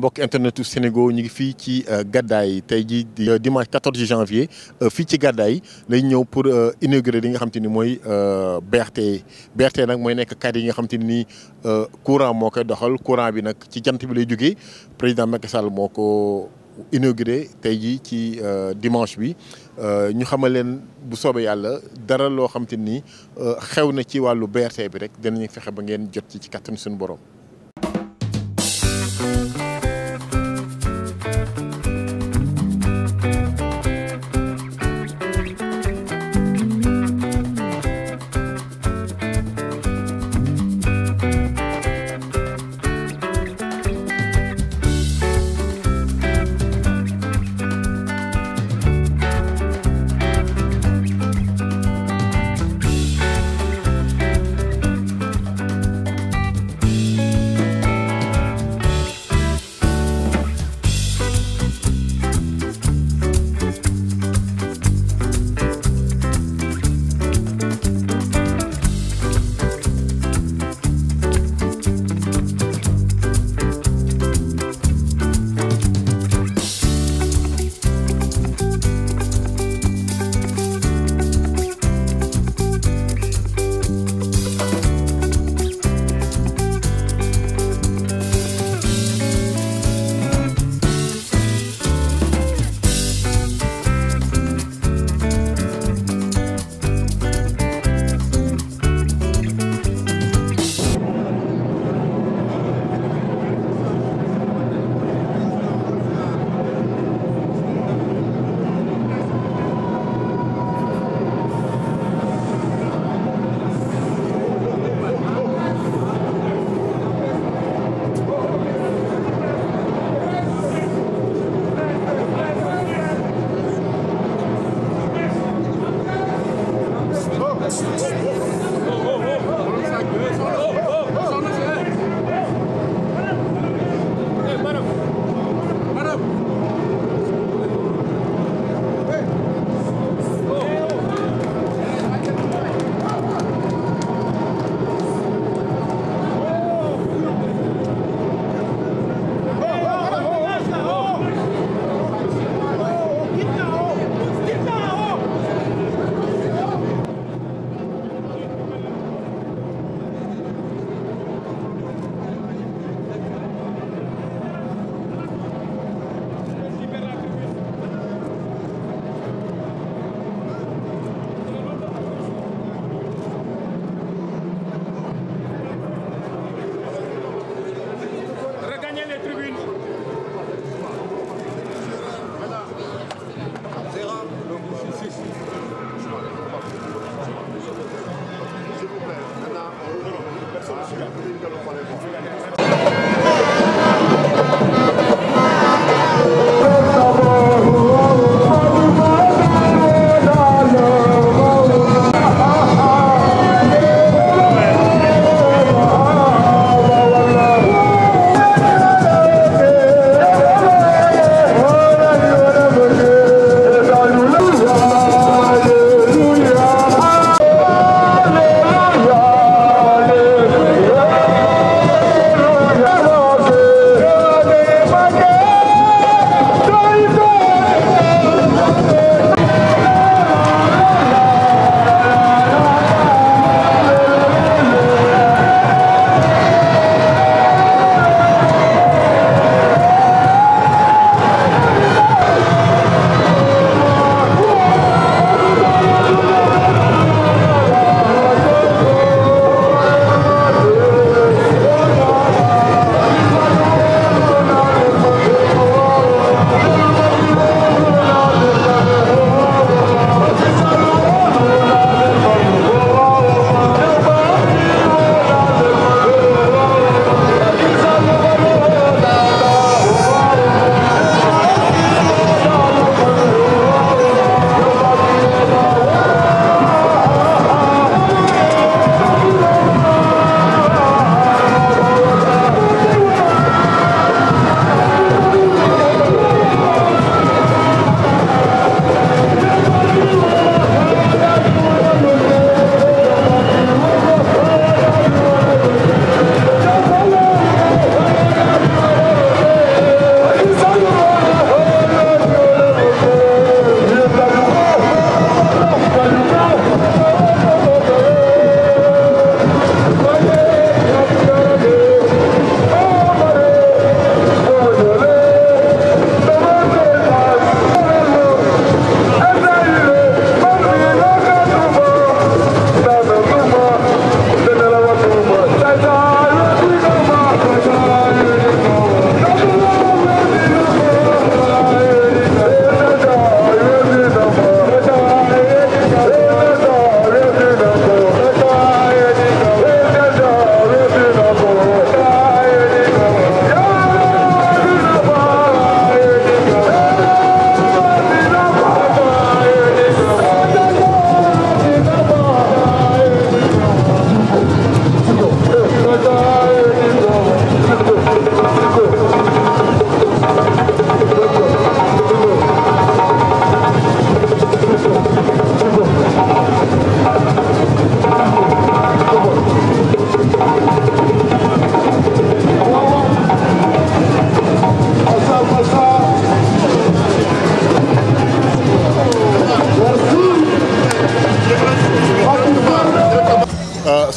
mbokk internet u Sénégal ñu ngi fii ci euh, gàddaay tey jii euh, dimanche 14 janvier euh, fii ci gàddaay lay ñëw pour inaugurer li nga xam te ni mooy BRT BRT nag mooy nekk kar yi nga xam te ni courant moo koy doxal courant bi nag ci jant bi lay jóge président Macky Sall moo ko inauguré tey jii ci dimanche bi ñu xamal leen bu soobee yàlla dara loo xam te ni xew na ci wàllu BRT bi rek dinañu fexe ba ngeen jot ci ci kàttanu suñu borom.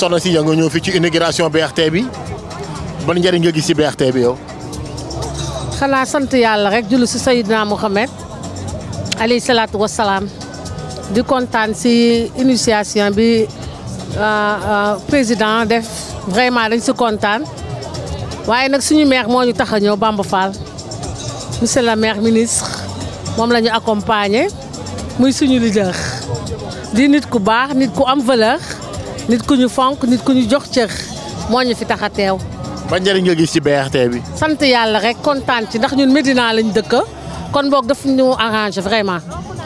soxna si yaa nga ñëw fii ci inauguration BRT bi ban njëriñ nga gis ci BRT bi yow. xanaa sant yàlla rek julli si Seydina Mouhamed alayhi salaatu wa salaam di kontaan si initiation bi euh, euh, président def vraiment dañ si kontaan waaye nag suñu maire moo ñu tax a ñëw Bamba Fall monsieur le maire ministre moom la ñu accompagner muy suñu leader di nit ku baax nit ku am valeur. nit ku ñu fonk nit ku ñu jox cër moo ñu fi tax a teew. ba njëriñ nga gis ci BRT bi. sant yàlla rek kontaan ci ndax ñun Medina lañ dëkk kon boog daf ñu arrangé vraiment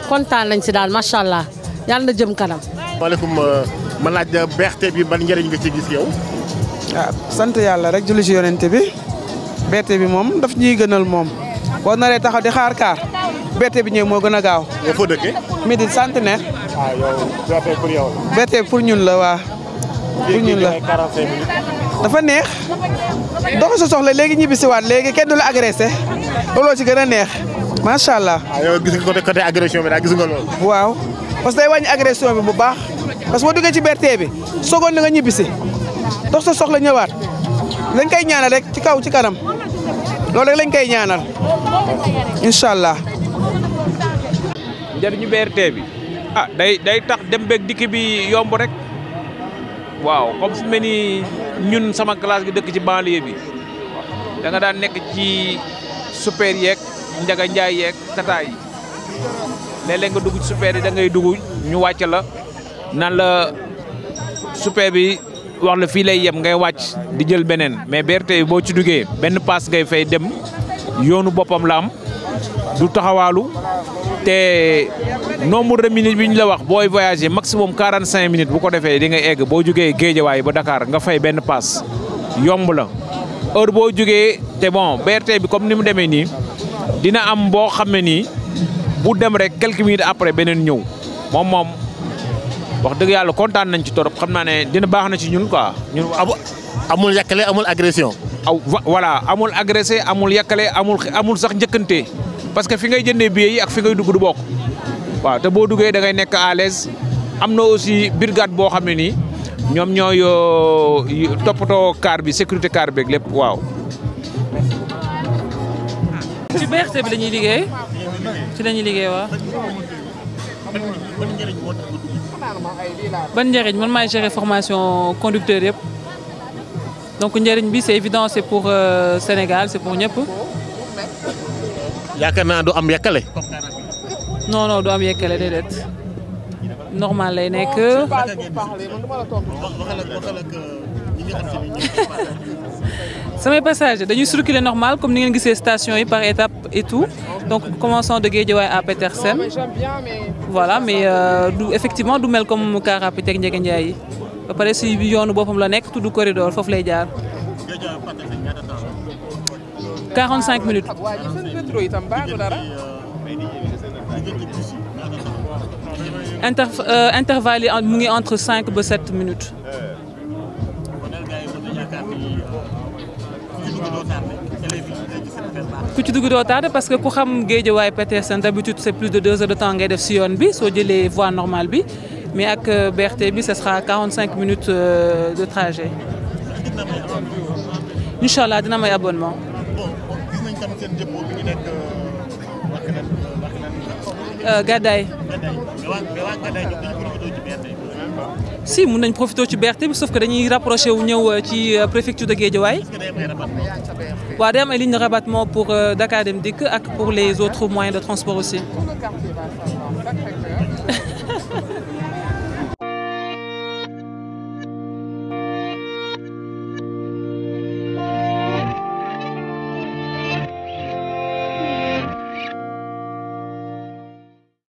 kontaan lañ si daal macha allah yàlla na jëm kanam. maaleykum euh, ma laaj na BRT bi ban njëriñ nga ci gis yow. Ah, sant yàlla rek julli si yonent bi BRT bi moom daf ñuy gënal moom boo naree taxaw di xaar kaar BRT bi ñëw moo gën a gaaw. nga sant dëkkee. ah yow BRT pour ñun la waa. pour ñun la dafa neex. dox sa soxla léegi ñibbi si waat léegi kenn du la agressé looloo ci gën a neex macha allah. ah yow gis nga côté bi daal gis nga loolu. waaw parce que day wàññi agression bi bu baax parce que boo duggee ci BRT bi sogoon na nga ñibbisi si dox sa soxla ñëwaat lañ koy ñaanal rek ci kaw ci kanam loolu rek lañ koy ñaanal incha allah. njëriñu BRT bi. ah day day tax dem beeg dikk bi yomb rek waaw comme fu mel ñun sama classe gi dëkk ci banlieue bi da daan nekk ci super yeeg njaga njaay yeeg tata yi nga dugg ci yi dangay ngay dugg ñu wàcc la nan la super bi wax la fii lay yem ngay wàcc di jël beneen mais BRT boo ci duggee benn paas ngay fay dem yoonu boppam laam du taxawaalu te nombre de minutes bi ñu la wax booy voyager maximum 45 minutes bu ko defee di nga egg boo jugee Géejawaay ba Dakar nga fay benn paas yomb la heure boo jógee te bon BRT bi comme ni mu demee nii dina am boo xam ne nii bu dem rek quelques après beneen ñëw moom moom wax dëgg yàlla kontaan nañ ci torop xam naa ne dina baax na ci ñun quoi. ñun amul yàkkale amul agression. aw voilà amul agressé amul yàkkale amul amul sax njëkkante parce que fi ngay jënde bi yi ak fi ngay dugg du bokk. waaw te boo duggee dangay nekk à l'aise am na aussi brigade boo xam ne nii ñoom ñooy euh, toppatoo car bi sécurité car beeg lépp waaw. ci lañuy liggéey ci la ñuy liggéey waaw. ban njëriñ man maay gérer formation conducteur yëpp donc njëriñ bi c'est évident c'est pour euh, Sénégal c'est pour ñëpp. yaakaar naa du am yàkkale. non non du am yekkale déedéet normal lay nekk. samay passage dañuy circuler normal comme ni ngeen gisee station yi par étape et tout donc commençons de Guédiawaye à Petersen voilà mais euh, du effectivement du mel comme car rapide ak Ndiaga yi pare si yoonu boppam la nekk tudd corridor foofu lay jaar. 45 minutes. minutes. inter euh, intervalle yi mu ngi entre cinq ba sept minutes. ku ci dugg doo tardé parce que ku xam géejawaay Petersen d'habitude c'est plus de deux heures de temps ngay def si yoon bi soo jëlee voie normal bi mais ak euh, BRT bi ce sera quarante cinq minutes euh, de trajet. incha dina may abonnement. Euh, gàddaay si mu mun nañ profité ci BRT bi sauf que dañuy rapproché wu ñëw euh, ci euh, préfecture de Guédiawaye waaw day am ay ligne de rabattement pour Dakar Dem Dikk ak pour les autres moyens de transport aussi